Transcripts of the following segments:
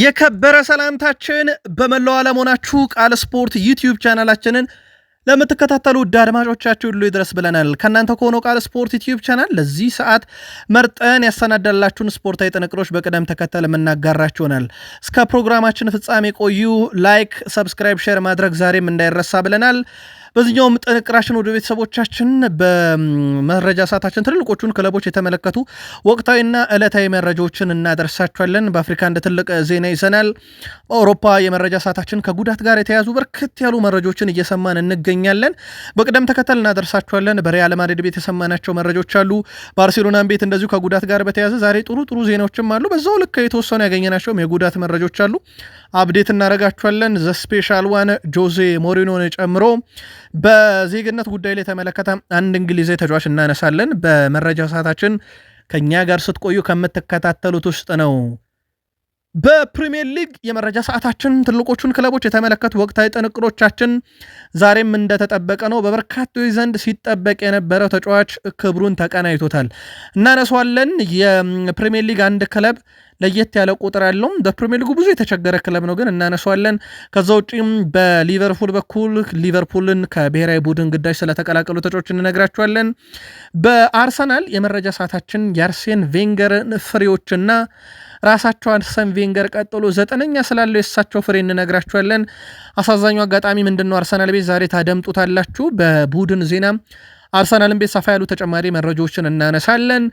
የከበረ ሰላምታችን በመላው ዓለም ሆናችሁ ቃል ስፖርት ዩቲዩብ ቻናላችንን ለምትከታተሉ ውድ አድማጮቻችሁ ሁሉ ይድረስ ብለናል። ከእናንተ ከሆነው ቃል ስፖርት ዩቲዩብ ቻናል ለዚህ ሰዓት መርጠን ያሰናዳላችሁን ስፖርታዊ ጥንቅሮች በቅደም ተከተል የምናጋራችሁ ይሆናል። እስከ ፕሮግራማችን ፍጻሜ ቆዩ። ላይክ፣ ሰብስክራይብ፣ ሼር ማድረግ ዛሬም እንዳይረሳ ብለናል። በዚህኛውም ጥንቅራችን ወደ ቤተሰቦቻችን በመረጃ ሰዓታችን ትልልቆቹን ክለቦች የተመለከቱ ወቅታዊና ዕለታዊ መረጃዎችን እናደርሳቸዋለን። በአፍሪካ እንደ ትልቅ ዜና ይዘናል። በአውሮፓ የመረጃ ሰዓታችን ከጉዳት ጋር የተያዙ በርከት ያሉ መረጃዎችን እየሰማን እንገኛለን። በቅደም ተከተል እናደርሳቸዋለን። በሪያል ማድሪድ ቤት የሰማናቸው መረጃዎች አሉ። ባርሴሎናን ቤት እንደዚሁ ከጉዳት ጋር በተያዘ ዛሬ ጥሩ ጥሩ ዜናዎችም አሉ። በዛው ልክ የተወሰኑ ያገኘናቸውም የጉዳት መረጃዎች አሉ። አብዴት እናደርጋቸዋለን። ዘስፔሻል ዋን ጆዜ ሞሪኖን ጨምሮ በዜግነት ጉዳይ ላይ የተመለከተ አንድ እንግሊዝ ተጫዋች እናነሳለን። በመረጃ ሰዓታችን ከእኛ ጋር ስትቆዩ ከምትከታተሉት ውስጥ ነው። በፕሪሚየር ሊግ የመረጃ ሰዓታችን ትልቆቹን ክለቦች የተመለከቱ ወቅታዊ ጥንቅሮቻችን ዛሬም እንደተጠበቀ ነው። በበርካቶች ዘንድ ሲጠበቅ የነበረው ተጫዋች ክብሩን ተቀናይቶታል። እናነሷለን። የፕሪሚየር ሊግ አንድ ክለብ ለየት ያለ ቁጥር ያለውም በፕሪሚየር ሊጉ ብዙ የተቸገረ ክለብ ነው፣ ግን እናነሷለን። ከዛ ውጪም በሊቨርፑል በኩል ሊቨርፑልን ከብሔራዊ ቡድን ግዳጅ ስለተቀላቀሉ ተጫዋቾች እንነግራችኋለን። በአርሰናል የመረጃ ሰዓታችን የአርሴን ቬንገርን ፍሬዎችና ራሳቸው አርሰን ቬንገር ቀጥሎ ዘጠነኛ ስላለው የእሳቸው ፍሬ እንነግራችኋለን። አሳዛኙ አጋጣሚ ምንድን ነው? አርሰናል ቤት ዛሬ ታደምጡታላችሁ። በቡድን ዜና አርሰናልን ቤት ሰፋ ያሉ ተጨማሪ መረጃዎችን እናነሳለን።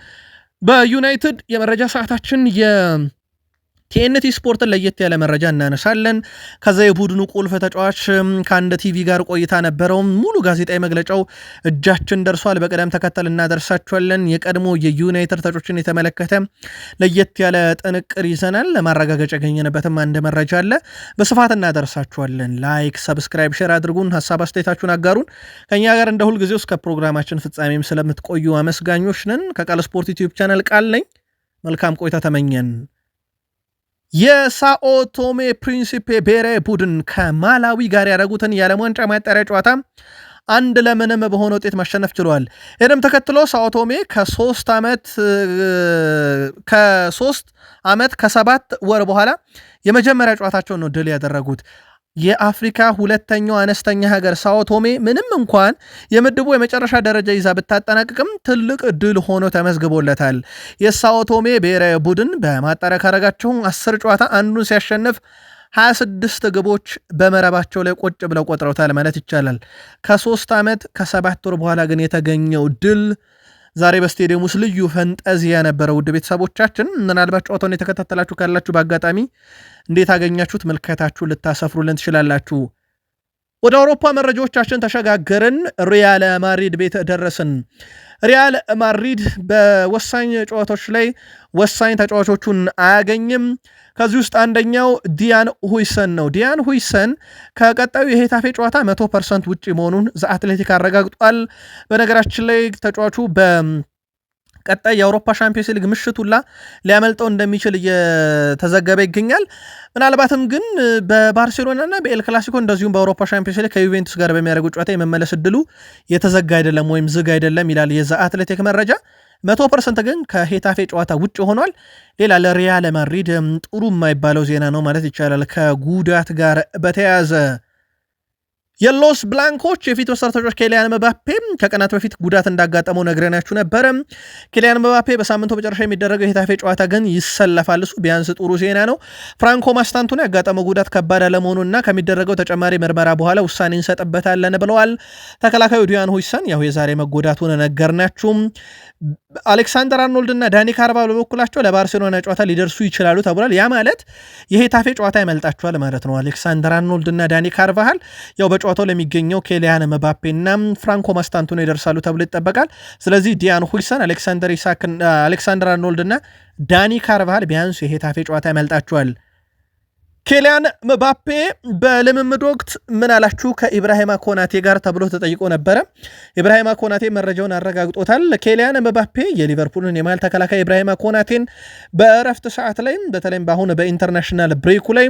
በዩናይትድ የመረጃ ሰዓታችን ቲኤንቲ ስፖርትን ለየት ያለ መረጃ እናነሳለን። ከዛ የቡድኑ ቁልፍ ተጫዋች ከአንድ ቲቪ ጋር ቆይታ ነበረው። ሙሉ ጋዜጣዊ መግለጫው እጃችን ደርሷል። በቅደም ተከተል እናደርሳቸዋለን። የቀድሞ የዩናይትድ ተጫዋቾችን የተመለከተ ለየት ያለ ጥንቅር ይዘናል። ለማረጋገጫ ያገኘንበትም አንድ መረጃ አለ። በስፋት እናደርሳቸዋለን። ላይክ፣ ሰብስክራይብ፣ ሼር አድርጉን። ሀሳብ አስተያየታችሁን አጋሩን። ከእኛ ጋር እንደ ሁልጊዜው እስከ ፕሮግራማችን ፍጻሜም ስለምትቆዩ አመስጋኞች ነን። ከቃል ስፖርት ዩቲዩብ ቻናል ቃል ነኝ። መልካም ቆይታ ተመኘን። የሳኦ ቶሜ ፕሪንሲፔ ብሔራዊ ቡድን ከማላዊ ጋር ያደረጉትን የዓለም ዋንጫ ማጣሪያ ጨዋታ አንድ ለምንም በሆነ ውጤት ማሸነፍ ችሏል። ይህንም ተከትሎ ሳኦቶሜ ከሶስት ዓመት ከሶስት ዓመት ከሰባት ወር በኋላ የመጀመሪያ ጨዋታቸውን ነው ድል ያደረጉት። የአፍሪካ ሁለተኛው አነስተኛ ሀገር ሳኦቶሜ ምንም እንኳን የምድቡ የመጨረሻ ደረጃ ይዛ ብታጠናቅቅም ትልቅ ድል ሆኖ ተመዝግቦለታል። የሳኦቶሜ ብሔራዊ ቡድን በማጣሪያ ካረጋቸው አስር ጨዋታ አንዱን ሲያሸንፍ 26 ግቦች በመረባቸው ላይ ቁጭ ብለው ቆጥረውታል ማለት ይቻላል። ከሶስት ዓመት ከሰባት ወር በኋላ ግን የተገኘው ድል ዛሬ በስቴዲየም ውስጥ ልዩ ፈንጠዚያ የነበረ ውድ ቤተሰቦቻችን ምናልባት ጨዋታውን የተከታተላችሁ ካላችሁ በአጋጣሚ እንዴት አገኛችሁት? ምልከታችሁ ልታሰፍሩልን ትችላላችሁ። ወደ አውሮፓ መረጃዎቻችን ተሸጋገርን። ሪያል ማድሪድ ቤት ደረስን። ሪያል ማድሪድ በወሳኝ ጨዋታዎች ላይ ወሳኝ ተጫዋቾቹን አያገኝም። ከዚህ ውስጥ አንደኛው ዲያን ሁይሰን ነው። ዲያን ሁይሰን ከቀጣዩ የሄታፌ ጨዋታ መቶ ፐርሰንት ውጭ መሆኑን ዘአትሌቲክ አረጋግጧል። በነገራችን ላይ ተጫዋቹ በ ቀጣይ የአውሮፓ ሻምፒዮንስ ሊግ ምሽቱላ ሊያመልጠው እንደሚችል እየተዘገበ ይገኛል። ምናልባትም ግን በባርሴሎናና በኤል ክላሲኮ እንደዚሁም በአውሮፓ ሻምፒዮንስ ሊግ ከዩቬንቱስ ጋር በሚያደርጉ ጨዋታ የመመለስ እድሉ የተዘጋ አይደለም ወይም ዝግ አይደለም ይላል የዛ አትሌቲክ መረጃ። መቶ ፐርሰንት ግን ከሄታፌ ጨዋታ ውጭ ሆኗል። ሌላ ለሪያል ማድሪድ ጥሩ የማይባለው ዜና ነው ማለት ይቻላል ከጉዳት ጋር በተያያዘ የሎስ ብላንኮች የፊት መስመር ተጫዋች ኬሊያን መባፔ ከቀናት በፊት ጉዳት እንዳጋጠመው ነግረናችሁ ነበረ። ኬሊያን መባፔ በሳምንቱ መጨረሻ የሚደረገው የሄታፌ ጨዋታ ግን ይሰለፋል። እሱ ቢያንስ ጥሩ ዜና ነው። ፍራንኮ ማስታንቱኖ ያጋጠመው ጉዳት ከባድ እና ከሚደረገው ተጨማሪ ምርመራ በኋላ ውሳኔ እንሰጥበታለን ብለዋል። ተከላካዩ ዲያን ሁይሰን ያሁ የዛሬ መጎዳቱን ነገርናችሁ። አሌክሳንደር አርኖልድ እና ዳኒ ካርባሎ በበኩላቸው ለባርሴሎና ጨዋታ ሊደርሱ ይችላሉ ተብሏል። ያ ማለት የሄታፌ ጨዋታ ያመልጣቸዋል ማለት ነው። አሌክሳንደር አርኖልድ እና ዳኒ ካርባሃል ያው በጨዋታው ለሚገኘው ኬሊያን መባፔ እና ፍራንኮ ማስታንቱኖ ይደርሳሉ ተብሎ ይጠበቃል። ስለዚህ ዲያን ሁይሰን፣ አሌክሳንደር አርኖልድ እና ዳኒ ካርባሃል ቢያንስ የሄታፌ ጨዋታ ያመልጣቸዋል። ኬሊያን ምባፔ በልምምድ ወቅት ምን አላችሁ ከኢብራሂማ ኮናቴ ጋር ተብሎ ተጠይቆ ነበረ። ኢብራሂማ ኮናቴ መረጃውን አረጋግጦታል። ኬሊያን ምባፔ የሊቨርፑልን የመሃል ተከላካይ ኢብራሂማ ኮናቴን በእረፍት ሰዓት ላይ በተለይም በአሁን በኢንተርናሽናል ብሬኩ ላይ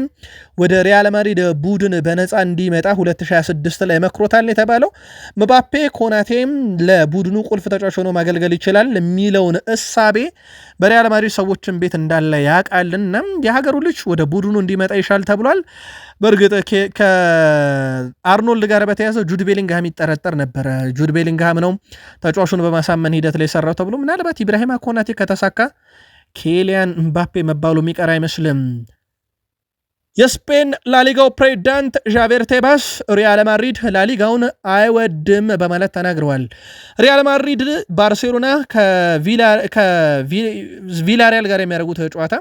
ወደ ሪያል ማድሪድ ቡድን በነፃ እንዲመጣ 2026 ላይ መክሮታል የተባለው ምባፔ ኮናቴም ለቡድኑ ቁልፍ ተጫዋች ሆኖ ማገልገል ይችላል የሚለውን እሳቤ በሪያል ማድሪድ ሰዎችን ቤት እንዳለ ያውቃልና የሀገሩ ልጅ ወደ ቡድኑ እንዲመጣ ይሻል ተብሏል። በእርግጥ ከአርኖልድ ጋር በተያዘው ጁድ ቤሊንግሃም ይጠረጠር ነበረ። ጁድ ቤሊንግሃም ነው ተጫዋቹን በማሳመን ሂደት ላይ የሰራው ተብሎ ምናልባት ኢብራሂማ ኮናቴ ከተሳካ ኬሊያን እምባፔ መባሉ የሚቀር አይመስልም። የስፔን ላሊጋው ፕሬዚዳንት ዣቬር ቴባስ ሪያል ማድሪድ ላሊጋውን አይወድም በማለት ተናግረዋል። ሪያል ማድሪድ ባርሴሎና ከቪላሪያል ጋር የሚያደርጉት ጨዋታ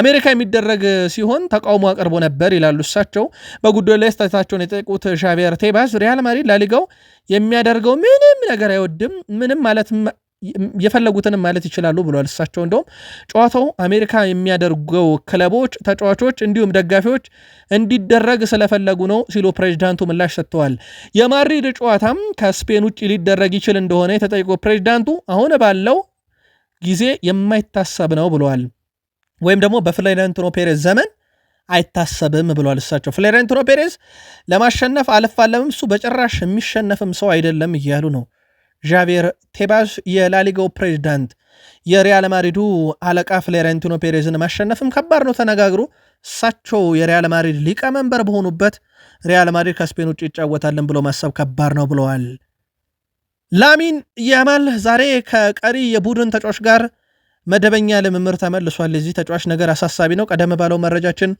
አሜሪካ የሚደረግ ሲሆን ተቃውሞ አቅርቦ ነበር ይላሉ እሳቸው። በጉዳዩ ላይ ስታታቸውን የጠቁት ዣቬር ቴባስ ሪያል ማድሪድ ላሊጋው የሚያደርገው ምንም ነገር አይወድም፣ ምንም ማለትም የፈለጉትንም ማለት ይችላሉ ብሏል። እሳቸው እንደውም ጨዋታው አሜሪካ የሚያደርገው ክለቦች፣ ተጫዋቾች እንዲሁም ደጋፊዎች እንዲደረግ ስለፈለጉ ነው ሲሉ ፕሬዚዳንቱ ምላሽ ሰጥተዋል። የማድሪድ ጨዋታም ከስፔን ውጭ ሊደረግ ይችል እንደሆነ የተጠይቆ ፕሬዚዳንቱ አሁን ባለው ጊዜ የማይታሰብ ነው ብለዋል። ወይም ደግሞ በፍሎሬንቲኖ ፔሬዝ ዘመን አይታሰብም ብለዋል እሳቸው። ፍሎሬንቲኖ ፔሬዝ ለማሸነፍ አልፋለምም፣ እሱ በጭራሽ የሚሸነፍም ሰው አይደለም እያሉ ነው ዣቬር ቴባስ የላሊጋው ፕሬዚዳንት የሪያል ማድሪዱ አለቃ ፍሎሬንቲኖ ፔሬዝን ማሸነፍም ከባድ ነው ተነጋግሮ እሳቸው የሪያል ማድሪድ ሊቀመንበር በሆኑበት ሪያል ማድሪድ ከስፔን ውጭ ይጫወታለን ብሎ ማሰብ ከባድ ነው ብለዋል። ላሚን ያማል ዛሬ ከቀሪ የቡድን ተጫዋች ጋር መደበኛ ልምምር ተመልሷል። የዚህ ተጫዋች ነገር አሳሳቢ ነው። ቀደም ባለው መረጃችን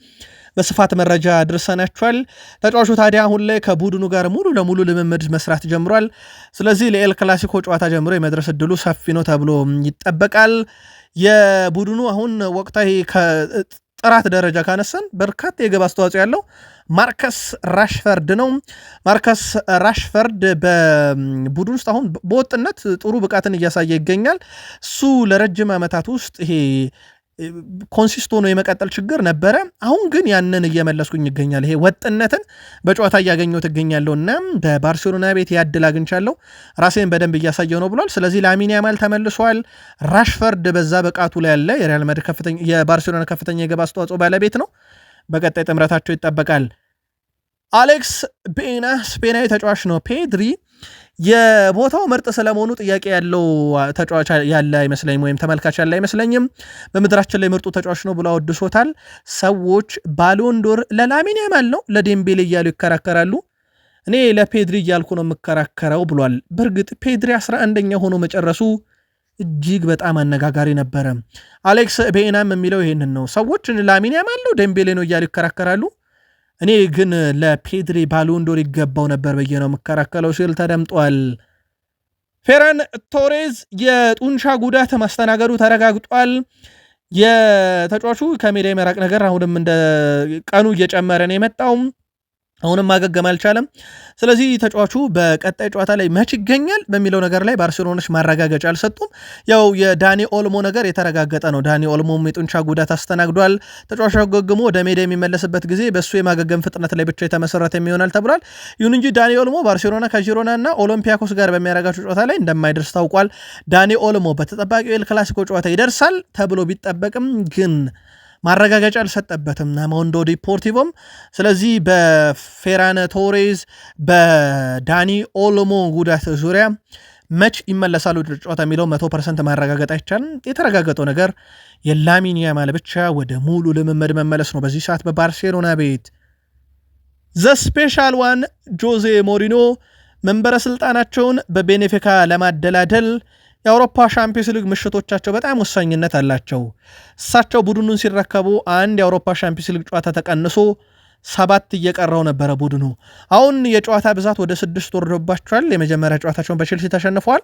በስፋት መረጃ አድርሰናችኋል። ተጫዋቹ ታዲያ አሁን ላይ ከቡድኑ ጋር ሙሉ ለሙሉ ልምምድ መስራት ጀምሯል። ስለዚህ ለኤል ክላሲኮ ጨዋታ ጀምሮ የመድረስ እድሉ ሰፊ ነው ተብሎ ይጠበቃል። የቡድኑ አሁን ወቅታዊ ጥራት ደረጃ ካነሰን በርካታ የግብ አስተዋጽኦ ያለው ማርከስ ራሽፈርድ ነው። ማርከስ ራሽፈርድ በቡድን ውስጥ አሁን በወጥነት ጥሩ ብቃትን እያሳየ ይገኛል። እሱ ለረጅም ዓመታት ውስጥ ይሄ ኮንሲስቶ ነው የመቀጠል ችግር ነበረ። አሁን ግን ያንን እየመለስኩኝ ይገኛል። ይሄ ወጥነትን በጨዋታ እያገኘው ትገኛለሁ እና በባርሴሎና ቤት ያድል አግኝቻለሁ፣ ራሴን በደንብ እያሳየው ነው ብሏል። ስለዚህ ላሚን ያማል ተመልሷል። ራሽፈርድ በዛ በቃቱ ላይ ያለ የሪያል ማድሪድ ከፍተኛ የባርሴሎና ከፍተኛ የግብ አስተዋጽኦ ባለቤት ነው። በቀጣይ ጥምረታቸው ይጠበቃል። አሌክስ ቤና ስፔናዊ ተጫዋች ነው። ፔድሪ የቦታው ምርጥ ስለመሆኑ ጥያቄ ያለው ተጫዋች ያለ አይመስለኝም፣ ወይም ተመልካች ያለ አይመስለኝም። በምድራችን ላይ ምርጡ ተጫዋች ነው ብሎ አወድሶታል። ሰዎች ባሎንዶር ለላሚን ያማል ነው ለዴምቤሌ እያሉ ይከራከራሉ። እኔ ለፔድሪ እያልኩ ነው የምከራከረው ብሏል። በእርግጥ ፔድሪ 11ኛ ሆኖ መጨረሱ እጅግ በጣም አነጋጋሪ ነበረ። አሌክስ ቤናም የሚለው ይህንን ነው። ሰዎች ላሚን ያማል ነው ዴምቤሌ ነው እያሉ ይከራከራሉ። እኔ ግን ለፔድሪ ባሎንዶር ይገባው ነበር ብዬ ነው የምከራከለው ሲል ተደምጧል። ፌራን ቶሬዝ የጡንቻ ጉዳት ማስተናገዱ ተረጋግጧል። የተጫዋቹ ከሜዳ የመራቅ ነገር አሁንም እንደ ቀኑ እየጨመረ ነው የመጣው። አሁንም ማገገም አልቻለም። ስለዚህ ተጫዋቹ በቀጣይ ጨዋታ ላይ መች ይገኛል በሚለው ነገር ላይ ባርሴሎናች ማረጋገጫ አልሰጡም። ያው የዳኒ ኦልሞ ነገር የተረጋገጠ ነው። ዳኒ ኦልሞም የጡንቻ ጉዳት አስተናግዷል። ተጫዋቹ አገግሞ ወደ ሜዳ የሚመለስበት ጊዜ በእሱ የማገገም ፍጥነት ላይ ብቻ የተመሰረተ የሚሆናል ተብሏል። ይሁን እንጂ ዳኒ ኦልሞ ባርሴሎና ከጂሮና እና ኦሎምፒያኮስ ጋር በሚያረጋቸው ጨዋታ ላይ እንደማይደርስ ታውቋል። ዳኒ ኦልሞ በተጠባቂው ኤል ክላሲኮ ጨዋታ ይደርሳል ተብሎ ቢጠበቅም ግን ማረጋገጫ አልሰጠበትም ሞንዶ ዲፖርቲቮም። ስለዚህ በፌራነ ቶሬዝ በዳኒ ኦሎሞ ጉዳት ዙሪያ መች ይመለሳሉ ወደ ጨዋታ የሚለው መቶ ፐርሰንት ማረጋገጥ አይቻልም። የተረጋገጠው ነገር የላሚን ያማል ብቻ ወደ ሙሉ ልምምድ መመለስ ነው በዚህ ሰዓት በባርሴሎና ቤት። ዘ ስፔሻል ዋን ጆዜ ሞሪኖ መንበረ ስልጣናቸውን በቤኔፊካ ለማደላደል የአውሮፓ ሻምፒዮንስ ሊግ ምሽቶቻቸው በጣም ወሳኝነት አላቸው። እሳቸው ቡድኑን ሲረከቡ አንድ የአውሮፓ ሻምፒዮንስ ሊግ ጨዋታ ተቀንሶ ሰባት እየቀረው ነበረ ቡድኑ። አሁን የጨዋታ ብዛት ወደ ስድስት ወርዶባቸዋል። የመጀመሪያ ጨዋታቸውን በቼልሲ ተሸንፏል።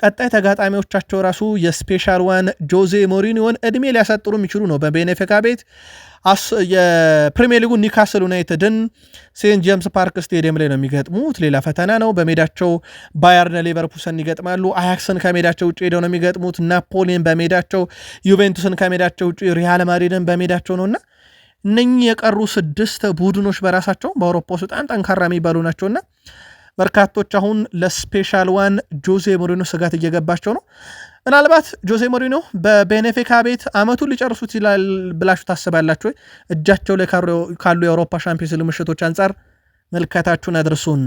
ቀጣይ ተጋጣሚዎቻቸው ራሱ የስፔሻል ዋን ጆዜ ሞሪኒዮን እድሜ ሊያሳጥሩ የሚችሉ ነው። በቤኔፊካ ቤት የፕሪሚየር ሊጉ ኒካስል ዩናይትድን ሴንት ጄምስ ፓርክ ስቴዲየም ላይ ነው የሚገጥሙት። ሌላ ፈተና ነው። በሜዳቸው ባየርን ሌቨርፑልን ይገጥማሉ። አያክስን ከሜዳቸው ውጭ ሄደው ነው የሚገጥሙት። ናፖሊን በሜዳቸው፣ ዩቬንቱስን ከሜዳቸው ውጭ፣ ሪያል ማድሪድን በሜዳቸው እና እነኚህ የቀሩ ስድስት ቡድኖች በራሳቸው በአውሮፓ ውስጥ በጣም ጠንካራ የሚባሉ ናቸውና በርካቶች አሁን ለስፔሻል ዋን ጆዜ ሞሪኖ ስጋት እየገባቸው ነው። ምናልባት ጆሴ ሞሪኖ በቤኔፊካ ቤት አመቱን ሊጨርሱት ይላል ብላችሁ ታስባላችሁ ወይ? እጃቸው ላይ ካሉ የአውሮፓ ሻምፒዮንስ ሊግ ምሽቶች አንጻር መልካታችሁን አድርሱን።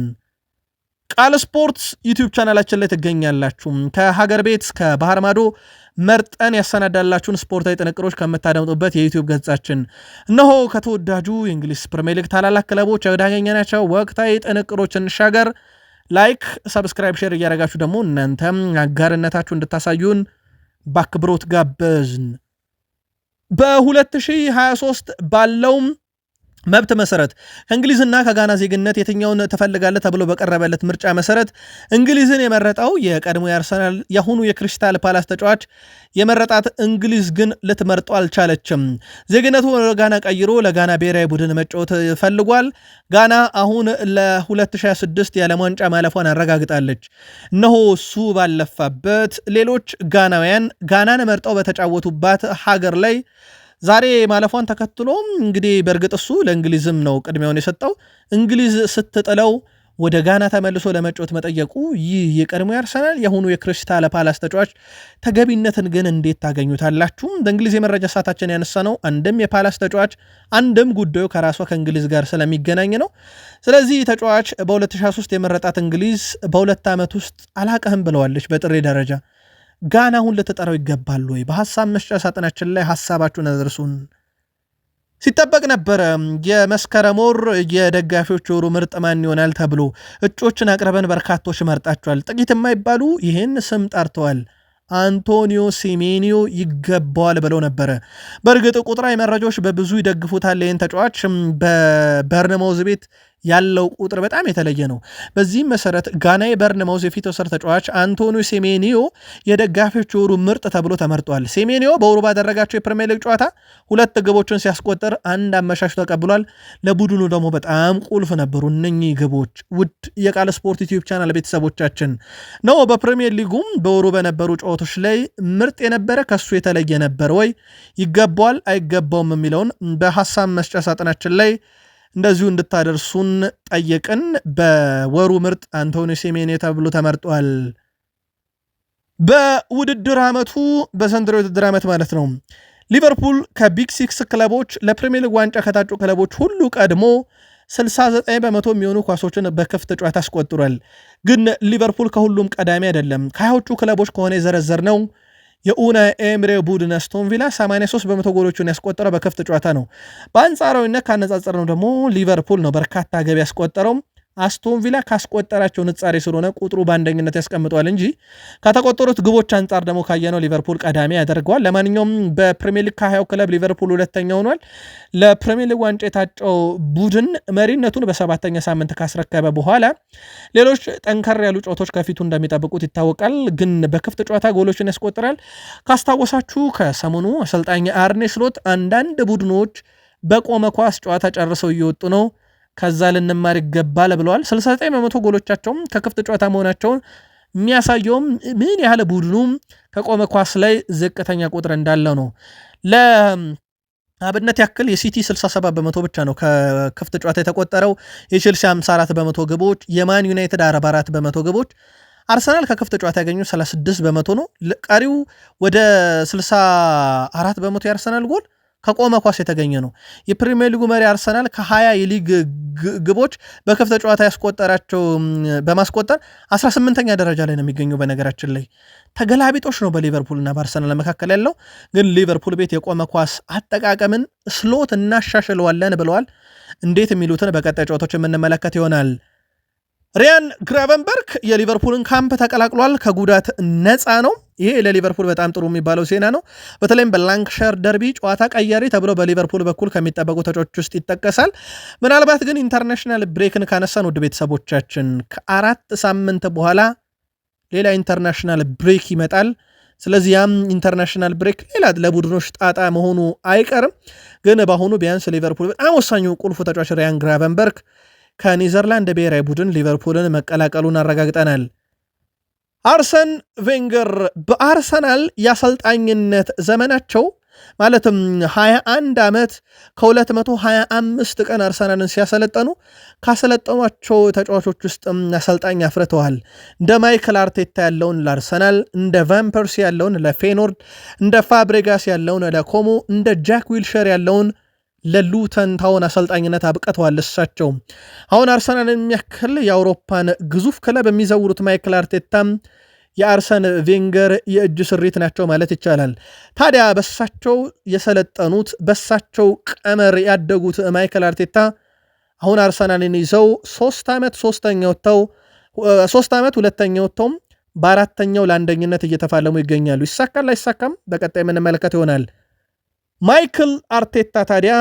ቃል ስፖርት ዩቲዩብ ቻናላችን ላይ ትገኛላችሁ። ከሀገር ቤት ከባህር ማዶ መርጠን ያሰናዳላችሁን ስፖርታዊ ጥንቅሮች ከምታደምጡበት የዩቲዩብ ገጻችን እነሆ። ከተወዳጁ የእንግሊዝ ፕሪሚየር ሊግ ታላላቅ ክለቦች ወዳገኘናቸው ወቅታዊ ጥንቅሮች እንሻገር። ላይክ፣ ሰብስክራይብ፣ ሼር እያደረጋችሁ ደግሞ እናንተም አጋርነታችሁ እንድታሳዩን በአክብሮት ጋበዝን። በ2023 ባለውም መብት መሰረት ከእንግሊዝና ከጋና ዜግነት የትኛውን ትፈልጋለህ ተብሎ በቀረበለት ምርጫ መሰረት እንግሊዝን የመረጠው የቀድሞ የአርሰናል የአሁኑ የክሪስታል ፓላስ ተጫዋች የመረጣት እንግሊዝ ግን ልትመርጦ አልቻለችም። ዜግነቱ ወደ ጋና ቀይሮ ለጋና ብሔራዊ ቡድን መጫወት ፈልጓል። ጋና አሁን ለ2026 የዓለም ዋንጫ ማለፏን አረጋግጣለች። እነሆ እሱ ባለፋበት ሌሎች ጋናውያን ጋናን መርጠው በተጫወቱባት ሀገር ላይ ዛሬ ማለፏን ተከትሎም እንግዲህ በእርግጥ እሱ ለእንግሊዝም ነው ቅድሚያውን የሰጠው። እንግሊዝ ስትጥለው ወደ ጋና ተመልሶ ለመጮት መጠየቁ ይህ የቀድሞ ያርሰናል የአሁኑ የክሪስታል ፓላስ ተጫዋች ተገቢነትን ግን እንዴት ታገኙታላችሁ? በእንግሊዝ የመረጃ ሰዓታችን ያነሳ ነው አንድም የፓላስ ተጫዋች አንድም ጉዳዩ ከራሷ ከእንግሊዝ ጋር ስለሚገናኝ ነው። ስለዚህ ተጫዋች በ2023 የመረጣት እንግሊዝ በሁለት ዓመት ውስጥ አላቀህም ብለዋለች በጥሬ ደረጃ ጋና አሁን ለተጠራው ይገባል ወይ? በሀሳብ መስጫ ሳጥናችን ላይ ሀሳባችሁን አድርሱን። ሲጠበቅ ነበረ የመስከረም ወር የደጋፊዎች ወሩ ምርጥ ማን ይሆናል ተብሎ እጮችን አቅርበን በርካቶች መርጣቸዋል። ጥቂት የማይባሉ ይህን ስም ጠርተዋል። አንቶኒዮ ሴሜኒዮ ይገባዋል ብለው ነበረ። በእርግጥ ቁጥራዊ መረጃዎች በብዙ ይደግፉታል። ይህን ተጫዋች በበርንማውዝ ቤት ያለው ቁጥር በጣም የተለየ ነው። በዚህም መሰረት ጋና የበርንማውዝ የፊት ወሰር ተጫዋች አንቶኒ ሴሜኒዮ የደጋፊዎች የወሩ ምርጥ ተብሎ ተመርጧል። ሴሜኒዮ በወሩ ባደረጋቸው የፕሪሚየር ሊግ ጨዋታ ሁለት ግቦችን ሲያስቆጥር አንድ አመሻሽ ተቀብሏል። ለቡድኑ ደግሞ በጣም ቁልፍ ነበሩ እነኚህ ግቦች። ውድ የቃል ስፖርት ዩቲዩብ ቻናል ቤተሰቦቻችን ነው በፕሪሚየር ሊጉም በወሩ በነበሩ ጨዋታዎች ላይ ምርጥ የነበረ ከሱ የተለየ ነበር ወይ ይገባዋል አይገባውም የሚለውን በሀሳብ መስጫ ሳጥናችን ላይ እንደዚሁ እንድታደርሱን ጠየቅን። በወሩ ምርጥ አንቶኒ ሴሜኔ ተብሎ ተመርጧል። በውድድር ዓመቱ በዘንድሮ ውድድር ዓመት ማለት ነው። ሊቨርፑል ከቢግ ሲክስ ክለቦች ለፕሪሚየር ሊግ ዋንጫ ከታጩ ክለቦች ሁሉ ቀድሞ 69 በመቶ የሚሆኑ ኳሶችን በክፍት ጨዋታ አስቆጥሯል። ግን ሊቨርፑል ከሁሉም ቀዳሚ አይደለም። ከሀያዎቹ ክለቦች ከሆነ የዘረዘር ነው የኡና ኤምሬ ቡድን አስቶን ቪላ 83 በመቶ ጎሎቹን ያስቆጠረው በክፍት ጨዋታ ነው። በአንጻራዊነት ካነጻጸር ነው ደግሞ ሊቨርፑል ነው በርካታ ገቢ ያስቆጠረው አስቶን ቪላ ካስቆጠራቸው ንጻሬ ስለሆነ ቁጥሩ በአንደኝነት ያስቀምጠዋል እንጂ ከተቆጠሩት ግቦች አንጻር ደግሞ ካየነው ሊቨርፑል ቀዳሚ ያደርገዋል። ለማንኛውም በፕሪሚየር ሊግ ከሀያው ክለብ ሊቨርፑል ሁለተኛ ሆኗል። ለፕሪሚየር ሊግ ዋንጫ የታጨው ቡድን መሪነቱን በሰባተኛ ሳምንት ካስረከበ በኋላ ሌሎች ጠንከር ያሉ ጨዋታዎች ከፊቱ እንደሚጠብቁት ይታወቃል። ግን በክፍት ጨዋታ ጎሎችን ያስቆጥራል። ካስታወሳችሁ ከሰሞኑ አሰልጣኝ አርኔ ስሎት አንዳንድ ቡድኖች በቆመ ኳስ ጨዋታ ጨርሰው እየወጡ ነው ከዛ ልንማር ይገባል ብለዋል። 69 በመቶ ጎሎቻቸውም ከክፍት ጨዋታ መሆናቸውን የሚያሳየውም ምን ያህል ቡድኑ ከቆመ ኳስ ላይ ዝቅተኛ ቁጥር እንዳለው ነው። ለአብነት ያክል የሲቲ 67 በመቶ ብቻ ነው ከክፍት ጨዋታ የተቆጠረው። የቼልሲ 54 በመቶ ግቦች፣ የማን ዩናይትድ 44 በመቶ ግቦች አርሰናል ከክፍት ጨዋታ ያገኙ 36 በመቶ ነው። ቀሪው ወደ 64 በመቶ የአርሰናል ጎል ከቆመ ኳስ የተገኘ ነው። የፕሪሚየር ሊጉ መሪ አርሰናል ከ20 የሊግ ግቦች በክፍት ጨዋታ ያስቆጠራቸው በማስቆጠር 18ኛ ደረጃ ላይ ነው የሚገኘው። በነገራችን ላይ ተገላቢጦች ነው እና በአርሰናል መካከል ያለው። ግን ሊቨርፑል ቤት የቆመ ኳስ አጠቃቀምን ስሎት እናሻሽለዋለን ብለዋል። እንዴት የሚሉትን በቀጣይ ጨዋታዎች የምንመለከት ይሆናል። ሪያን ግራቨንበርክ የሊቨርፑልን ካምፕ ተቀላቅሏል። ከጉዳት ነፃ ነው። ይሄ ለሊቨርፑል በጣም ጥሩ የሚባለው ዜና ነው። በተለይም በላንክሸር ደርቢ ጨዋታ ቀያሪ ተብሎ በሊቨርፑል በኩል ከሚጠበቁ ተጫዋቾች ውስጥ ይጠቀሳል። ምናልባት ግን ኢንተርናሽናል ብሬክን ካነሳን ውድ ቤተሰቦቻችን ከአራት ሳምንት በኋላ ሌላ ኢንተርናሽናል ብሬክ ይመጣል። ስለዚህ ያም ኢንተርናሽናል ብሬክ ሌላ ለቡድኖች ጣጣ መሆኑ አይቀርም። ግን በአሁኑ ቢያንስ ሊቨርፑል በጣም ወሳኙ ቁልፉ ተጫዋች ሪያን ግራቨንበርክ ከኔዘርላንድ ብሔራዊ ቡድን ሊቨርፑልን መቀላቀሉን አረጋግጠናል። አርሰን ቬንገር በአርሰናል የአሰልጣኝነት ዘመናቸው ማለትም 21 ዓመት ከ225 ቀን አርሰናልን ሲያሰለጠኑ ካሰለጠኗቸው ተጫዋቾች ውስጥ አሰልጣኝ አፍርተዋል። እንደ ማይክል አርቴታ ያለውን ለአርሰናል፣ እንደ ቫምፐርስ ያለውን ለፌኖርድ፣ እንደ ፋብሬጋስ ያለውን ለኮሞ፣ እንደ ጃክ ዊልሸር ያለውን ለሉተን ታውን አሰልጣኝነት አብቅተዋል። እሳቸው አሁን አርሰናልን የሚያክል የአውሮፓን ግዙፍ ክለብ የሚዘውሩት ማይክል አርቴታም የአርሰን ቬንገር የእጅ ስሪት ናቸው ማለት ይቻላል። ታዲያ በሳቸው የሰለጠኑት በሳቸው ቀመር ያደጉት ማይክል አርቴታ አሁን አርሰናልን ይዘው ሶስት ዓመት ሶስተኛ ወጥተው ሶስት ዓመት ሁለተኛ ወጥተውም በአራተኛው ለአንደኝነት እየተፋለሙ ይገኛሉ። ይሳካል አይሳካም? በቀጣይ የምንመለከት ይሆናል። ማይክል አርቴታ ታዲያ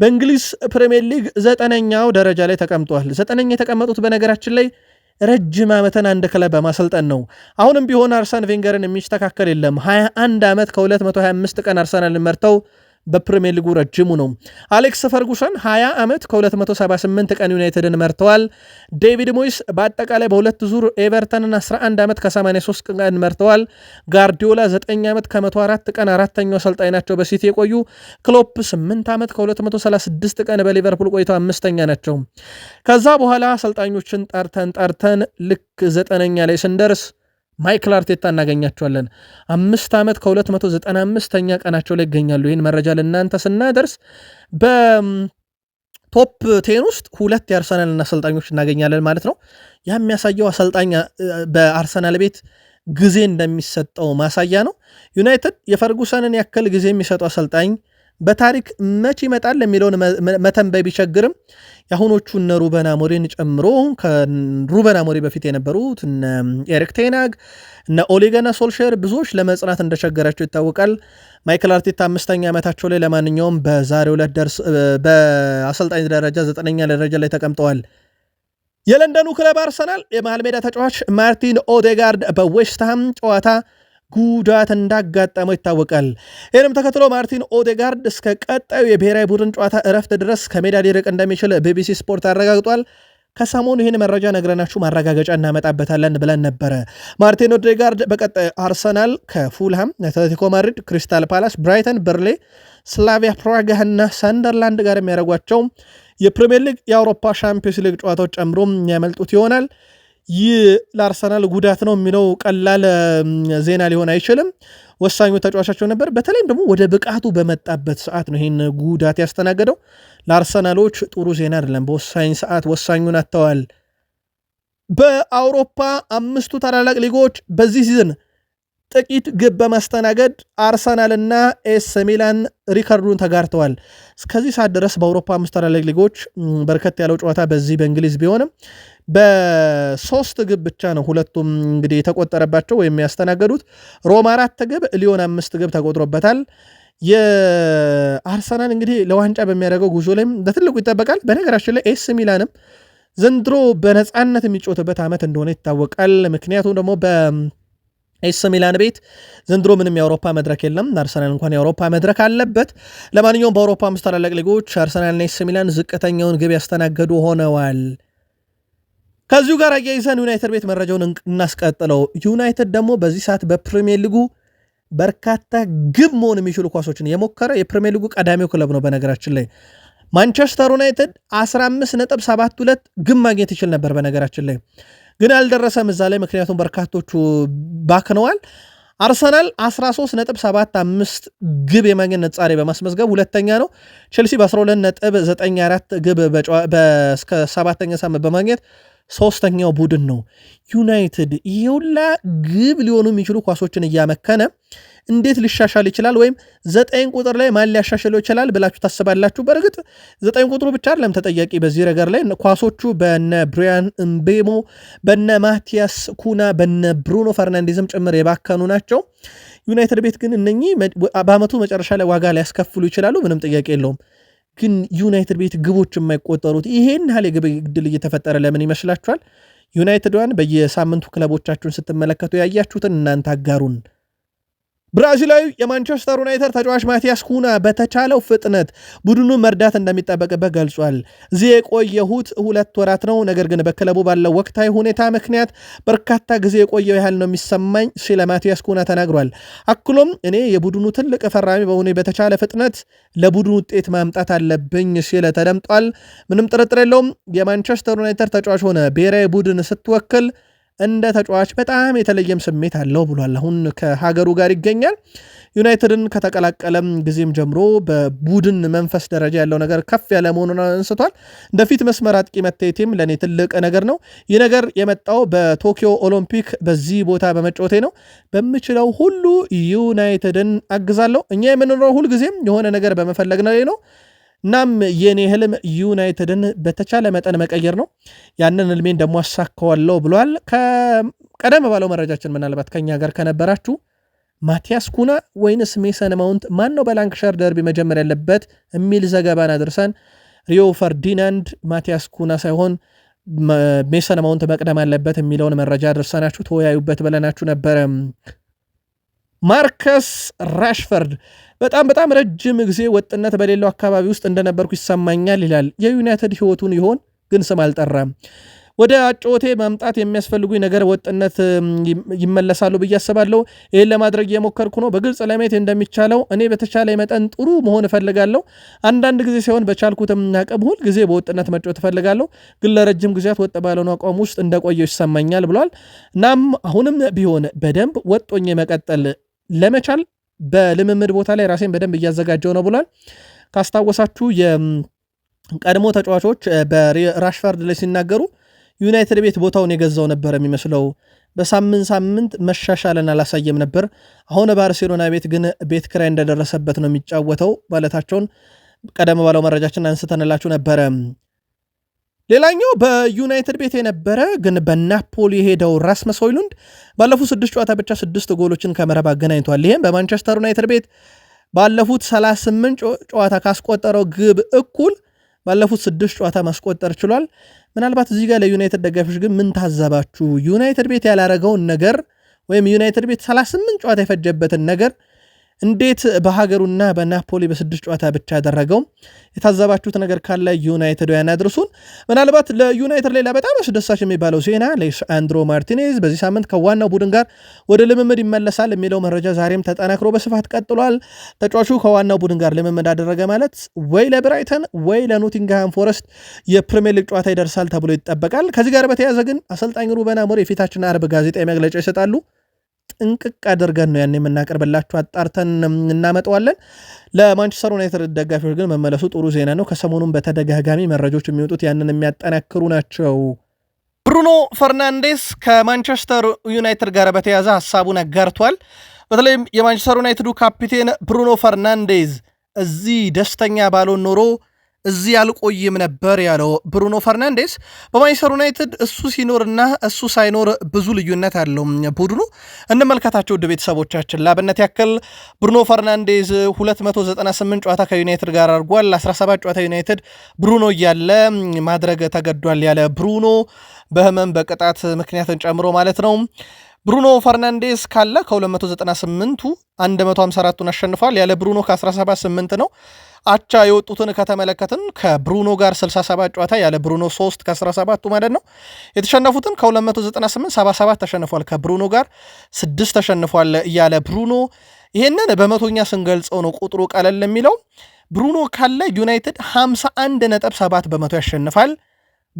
በእንግሊዝ ፕሪምየር ሊግ ዘጠነኛው ደረጃ ላይ ተቀምጧል። ዘጠነኛ የተቀመጡት በነገራችን ላይ ረጅም ዓመትን አንድ ክለብ በማሰልጠን ነው። አሁንም ቢሆን አርሰን ቬንገርን የሚስተካከል የለም። 21 ዓመት ከ225 ቀን አርሰናልን መርተው በፕሪሚየር ሊጉ ረጅሙ ነው። አሌክስ ፈርጉሰን 20 ዓመት ከ278 ቀን ዩናይትድን መርተዋል። ዴቪድ ሞይስ በአጠቃላይ በሁለት ዙር ኤቨርተንን 11 ዓመት ከ83 ቀን መርተዋል። ጋርዲዮላ 9 ዓመት ከ104 ቀን አራተኛው አሰልጣኝ ናቸው በሲቲ የቆዩ። ክሎፕ 8 ዓመት ከ236 ቀን በሊቨርፑል ቆይተው አምስተኛ ናቸው። ከዛ በኋላ አሰልጣኞችን ጠርተን ጠርተን ልክ ዘጠነኛ ላይ ስንደርስ ማይክል አርቴታ እናገኛቸዋለን። አምስት ዓመት ከ295ኛ ቀናቸው ላይ ይገኛሉ። ይህን መረጃ ለእናንተ ስናደርስ በቶፕ ቴን ውስጥ ሁለት የአርሰናል አሰልጣኞች እናገኛለን ማለት ነው። ያ የሚያሳየው አሰልጣኝ በአርሰናል ቤት ጊዜ እንደሚሰጠው ማሳያ ነው። ዩናይትድ የፈርጉሰንን ያክል ጊዜ የሚሰጠው አሰልጣኝ በታሪክ መቼ ይመጣል የሚለውን መተንበይ ቢቸግርም የአሁኖቹ እነ ሩበን አሞሪን ጨምሮ ከሩበን አሞሪ በፊት የነበሩት እነ ኤሪክ ቴናግ እነ ኦሌገና ሶልሼር ብዙዎች ለመጽናት እንደቸገራቸው ይታወቃል። ማይክል አርቴታ አምስተኛ ዓመታቸው ላይ ለማንኛውም በዛሬው ዕለት ደርስ በአሰልጣኝ ደረጃ ዘጠነኛ ደረጃ ላይ ተቀምጠዋል። የለንደኑ ክለብ አርሰናል የመሃል ሜዳ ተጫዋች ማርቲን ኦዴጋርድ በዌስትሃም ጨዋታ ጉዳት እንዳጋጠመው ይታወቃል። ይህንም ተከትሎ ማርቲን ኦዴጋርድ እስከ ቀጣዩ የብሔራዊ ቡድን ጨዋታ እረፍት ድረስ ከሜዳ ሊርቅ እንደሚችል ቢቢሲ ስፖርት አረጋግጧል። ከሰሞኑ ይህን መረጃ ነግረናችሁ ማረጋገጫ እናመጣበታለን ብለን ነበረ። ማርቲን ኦዴጋርድ በቀጣይ አርሰናል ከፉልሃም፣ አትሌቲኮ ማድሪድ፣ ክሪስታል ፓላስ፣ ብራይተን፣ በርሌ፣ ስላቪያ ፕራጋ እና ሰንደርላንድ ጋር የሚያደርጓቸው የፕሪምየር ሊግ፣ የአውሮፓ ሻምፒዮንስ ሊግ ጨዋታዎች ጨምሮ የሚያመልጡት ይሆናል። ይህ ለአርሰናል ጉዳት ነው የሚለው ቀላል ዜና ሊሆን አይችልም። ወሳኙ ተጫዋቻቸው ነበር። በተለይም ደግሞ ወደ ብቃቱ በመጣበት ሰዓት ነው ይህን ጉዳት ያስተናገደው። ለአርሰናሎች ጥሩ ዜና አይደለም። በወሳኝ ሰዓት ወሳኙን አጥተዋል። በአውሮፓ አምስቱ ታላላቅ ሊጎች በዚህ ሲዝን ጥቂት ግብ በማስተናገድ አርሰናልና ኤስ ሚላን ሪከርዱን ተጋርተዋል። እስከዚህ ሰዓት ድረስ በአውሮፓ አምስት ታላላቅ ሊጎች በርከት ያለው ጨዋታ በዚህ በእንግሊዝ ቢሆንም በሶስት ግብ ብቻ ነው ሁለቱም እንግዲህ የተቆጠረባቸው ወይም ያስተናገዱት። ሮማ አራት ግብ፣ ሊዮን አምስት ግብ ተቆጥሮበታል። የአርሰናል እንግዲህ ለዋንጫ በሚያደርገው ጉዞ ላይም በትልቁ ይጠበቃል። በነገራችን ላይ ኤስ ሚላንም ዘንድሮ በነፃነት የሚጮትበት ዓመት እንደሆነ ይታወቃል። ምክንያቱም ደግሞ በ ኤስ ሚላን ቤት ዘንድሮ ምንም የአውሮፓ መድረክ የለም። አርሰናል እንኳን የአውሮፓ መድረክ አለበት። ለማንኛውም በአውሮፓ አምስት ታላላቅ ሊጎች አርሰናልና ኤስ ሚላን ዝቅተኛውን ግብ ያስተናገዱ ሆነዋል። ከዚሁ ጋር አያይዘን ዩናይትድ ቤት መረጃውን እናስቀጥለው። ዩናይትድ ደግሞ በዚህ ሰዓት በፕሪሚየር ሊጉ በርካታ ግብ መሆን የሚችሉ ኳሶችን የሞከረ የፕሪሚየር ሊጉ ቀዳሚው ክለብ ነው። በነገራችን ላይ ማንቸስተር ዩናይትድ 15.72 ግብ ማግኘት ይችል ነበር። በነገራችን ላይ ግን አልደረሰም እዛ ላይ ምክንያቱም በርካቶቹ ባክነዋል። አርሰናል 13.75 ግብ የማግኘት ጻሬ በማስመዝገብ ሁለተኛ ነው። ቼልሲ በ12.94 ግብ በሰባተኛ ሳምንት በማግኘት ሶስተኛው ቡድን ነው። ዩናይትድ ይሁላ ግብ ሊሆኑ የሚችሉ ኳሶችን እያመከነ እንዴት ሊሻሻል ይችላል? ወይም ዘጠኝ ቁጥር ላይ ማን ሊያሻሽለው ይችላል ብላችሁ ታስባላችሁ? በእርግጥ ዘጠኝ ቁጥሩ ብቻ አይደለም ተጠያቂ በዚህ ነገር ላይ ኳሶቹ በነ ብሪያን እምቤሞ፣ በነ ማቲያስ ኩና፣ በነ ብሩኖ ፈርናንዴዝም ጭምር የባከኑ ናቸው። ዩናይትድ ቤት ግን እነኚህ በአመቱ መጨረሻ ላይ ዋጋ ሊያስከፍሉ ይችላሉ። ምንም ጥያቄ የለውም። ግን ዩናይትድ ቤት ግቦች የማይቆጠሩት ይሄን ያህል የግብ ዕድል እየተፈጠረ ለምን ይመስላችኋል? ዩናይትድን በየሳምንቱ ክለቦቻችሁን ስትመለከቱ ያያችሁትን እናንተ አጋሩን። ብራዚላዊ የማንቸስተር ዩናይተር ተጫዋች ማቲያስ ኩና በተቻለው ፍጥነት ቡድኑን መርዳት እንደሚጠበቅበት ገልጿል። እዚህ የቆየሁት ሁለት ወራት ነው፣ ነገር ግን በክለቡ ባለው ወቅታዊ ሁኔታ ምክንያት በርካታ ጊዜ የቆየው ያህል ነው የሚሰማኝ ሲለ ማቲያስ ኩና ተናግሯል። አክሎም እኔ የቡድኑ ትልቅ ፈራሚ በሆነ በተቻለ ፍጥነት ለቡድኑ ውጤት ማምጣት አለብኝ ሲለ ተደምጧል። ምንም ጥርጥር የለውም የማንቸስተር ዩናይተር ተጫዋች ሆነ ብሔራዊ ቡድን ስትወክል እንደ ተጫዋች በጣም የተለየም ስሜት አለው ብሏል። አሁን ከሀገሩ ጋር ይገኛል። ዩናይትድን ከተቀላቀለም ጊዜም ጀምሮ በቡድን መንፈስ ደረጃ ያለው ነገር ከፍ ያለ መሆኑን አንስቷል። እንደ ፊት መስመር አጥቂ መታየቴም ለእኔ ትልቅ ነገር ነው። ይህ ነገር የመጣው በቶኪዮ ኦሎምፒክ በዚህ ቦታ በመጫወቴ ነው። በምችለው ሁሉ ዩናይትድን አግዛለሁ። እኛ የምንኖረው ሁልጊዜም የሆነ ነገር በመፈለግ ነው ነው እናም የኔ ህልም ዩናይትድን በተቻለ መጠን መቀየር ነው። ያንን ህልሜን ደግሞ አሳካዋለሁ ብሏል። ቀደም ባለው መረጃችን ምናልባት ከኛ ጋር ከነበራችሁ ማቲያስ ኩና ወይንስ ሜሰን ማውንት ማን ነው በላንክሻር ደርቢ መጀመር ያለበት የሚል ዘገባን አድርሰን ሪዮ ፈርዲናንድ ማቲያስ ኩና ሳይሆን ሜሰን ማውንት መቅደም አለበት የሚለውን መረጃ አድርሰናችሁ ተወያዩበት ብለናችሁ ነበረ። ማርከስ ራሽፈርድ በጣም በጣም ረጅም ጊዜ ወጥነት በሌለው አካባቢ ውስጥ እንደነበርኩ ይሰማኛል ይላል። የዩናይትድ ህይወቱን ይሆን ግን ስም አልጠራም። ወደ አጮቴ መምጣት የሚያስፈልጉኝ ነገር ወጥነት ይመለሳሉ ብዬ አስባለሁ። ይህን ለማድረግ እየሞከርኩ ነው። በግልጽ ለማየት እንደሚቻለው እኔ በተቻለ መጠን ጥሩ መሆን እፈልጋለሁ። አንዳንድ ጊዜ ሲሆን በቻልኩትም አቅም ሁል ጊዜ በወጥነት መጮት እፈልጋለሁ፣ ግን ለረጅም ጊዜያት ወጥ ባልሆነ አቋም ውስጥ እንደቆየው ይሰማኛል ብሏል። እናም አሁንም ቢሆን በደንብ ወጦኝ መቀጠል ለመቻል በልምምድ ቦታ ላይ ራሴን በደንብ እያዘጋጀው ነው ብሏል። ካስታወሳችሁ የቀድሞ ተጫዋቾች በራሽፈርድ ላይ ሲናገሩ ዩናይትድ ቤት ቦታውን የገዛው ነበር የሚመስለው በሳምንት ሳምንት መሻሻልን አላሳየም ነበር። አሁን ባርሴሎና ቤት ግን ቤት ክራይ እንደደረሰበት ነው የሚጫወተው ማለታቸውን ቀደም ባለው መረጃችን አንስተንላችሁ ነበረ። ሌላኛው በዩናይትድ ቤት የነበረ ግን በናፖሊ የሄደው ራስመስ ሆይሉንድ ባለፉት ስድስት ጨዋታ ብቻ ስድስት ጎሎችን ከመረብ አገናኝቷል። ይህም በማንቸስተር ዩናይትድ ቤት ባለፉት 38 ጨዋታ ካስቆጠረው ግብ እኩል ባለፉት ስድስት ጨዋታ ማስቆጠር ችሏል። ምናልባት እዚህ ጋር ለዩናይትድ ደጋፊዎች ግን ምን ታዘባችሁ? ዩናይትድ ቤት ያላረገውን ነገር ወይም ዩናይትድ ቤት 38 ጨዋታ የፈጀበትን ነገር እንዴት በሀገሩና በናፖሊ በስድስት ጨዋታ ብቻ ያደረገው? የታዘባችሁት ነገር ካለ ዩናይትድ ያን አድርሱን። ምናልባት ለዩናይትድ ሌላ በጣም አስደሳች የሚባለው ዜና ሌሻንድሮ ማርቲኔዝ በዚህ ሳምንት ከዋናው ቡድን ጋር ወደ ልምምድ ይመለሳል የሚለው መረጃ ዛሬም ተጠናክሮ በስፋት ቀጥሏል። ተጫዋቹ ከዋናው ቡድን ጋር ልምምድ አደረገ ማለት ወይ ለብራይተን ወይ ለኖቲንግሃም ፎረስት የፕሪሚየር ሊግ ጨዋታ ይደርሳል ተብሎ ይጠበቃል። ከዚህ ጋር በተያያዘ ግን አሰልጣኝ ሩበን አሞሪም የፊታችን አርብ ጋዜጣዊ መግለጫ ይሰጣሉ። ጥንቅቅ አድርገን ነው ያን የምናቀርብላችሁ አጣርተን እናመጣዋለን። ለማንቸስተር ዩናይትድ ደጋፊዎች ግን መመለሱ ጥሩ ዜና ነው። ከሰሞኑም በተደጋጋሚ መረጃዎች የሚወጡት ያንን የሚያጠናክሩ ናቸው። ብሩኖ ፈርናንዴስ ከማንቸስተር ዩናይትድ ጋር በተያዘ ሀሳቡን አጋርቷል። በተለይም የማንቸስተር ዩናይትዱ ካፒቴን ብሩኖ ፈርናንዴዝ እዚህ ደስተኛ ባልሆን ኖሮ እዚህ አልቆይም ነበር ያለው ብሩኖ ፈርናንዴስ በማንቸስተር ዩናይትድ እሱ ሲኖርና እሱ ሳይኖር ብዙ ልዩነት አለው ቡድኑ። እንመልከታቸው ውድ ቤተሰቦቻችን። ላብነት ያክል ብሩኖ ፈርናንዴዝ 298 ጨዋታ ከዩናይትድ ጋር አድርጓል። 17 ጨዋታ ዩናይትድ ብሩኖ እያለ ማድረግ ተገዷል ያለ ብሩኖ በህመም በቅጣት ምክንያትን ጨምሮ ማለት ነው። ብሩኖ ፈርናንዴስ ካለ ከ298ቱ 154ቱን አሸንፏል። ያለ ብሩኖ ከ178 ነው አቻ የወጡትን ከተመለከትን ከብሩኖ ጋር 67 ጨዋታ ያለ ብሩኖ 3 ከ17ቱ ማለት ነው። የተሸነፉትን ከ298 77 ተሸንፏል ከብሩኖ ጋር 6 ተሸንፏል ያለ ብሩኖ። ይህንን በመቶኛ ስንገልጸው ነው ቁጥሩ ቀለል የሚለው። ብሩኖ ካለ ዩናይትድ 51 ነጥብ 7 በመቶ ያሸንፋል።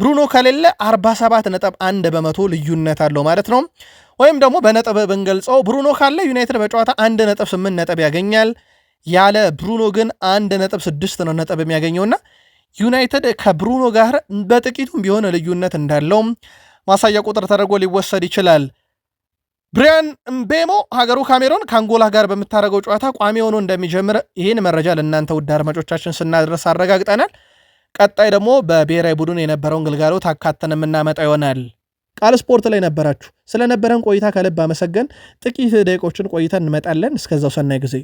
ብሩኖ ከሌለ 47 ነጥብ 1 በመቶ ልዩነት አለው ማለት ነው። ወይም ደግሞ በነጥብ ብንገልጸው ብሩኖ ካለ ዩናይትድ በጨዋታ 1 ነጥብ 8 ነጥብ ያገኛል። ያለ ብሩኖ ግን አንድ ነጥብ ስድስት ነው ነጥብ የሚያገኘውና ዩናይትድ ከብሩኖ ጋር በጥቂቱም ቢሆን ልዩነት እንዳለውም ማሳያ ቁጥር ተደርጎ ሊወሰድ ይችላል። ብሪያን እምቤሞ ሀገሩ ካሜሮን ከአንጎላ ጋር በምታደርገው ጨዋታ ቋሚ ሆኖ እንደሚጀምር ይህን መረጃ ለእናንተ ውድ አድማጮቻችን ስናደርስ አረጋግጠናል። ቀጣይ ደግሞ በብሔራዊ ቡድን የነበረውን ግልጋሎት አካተን የምናመጣ ይሆናል። ቃል ስፖርት ላይ ነበራችሁ። ስለነበረን ቆይታ ከልብ አመሰገን። ጥቂት ደቂቆችን ቆይተን እንመጣለን። እስከዛው ሰናይ ጊዜ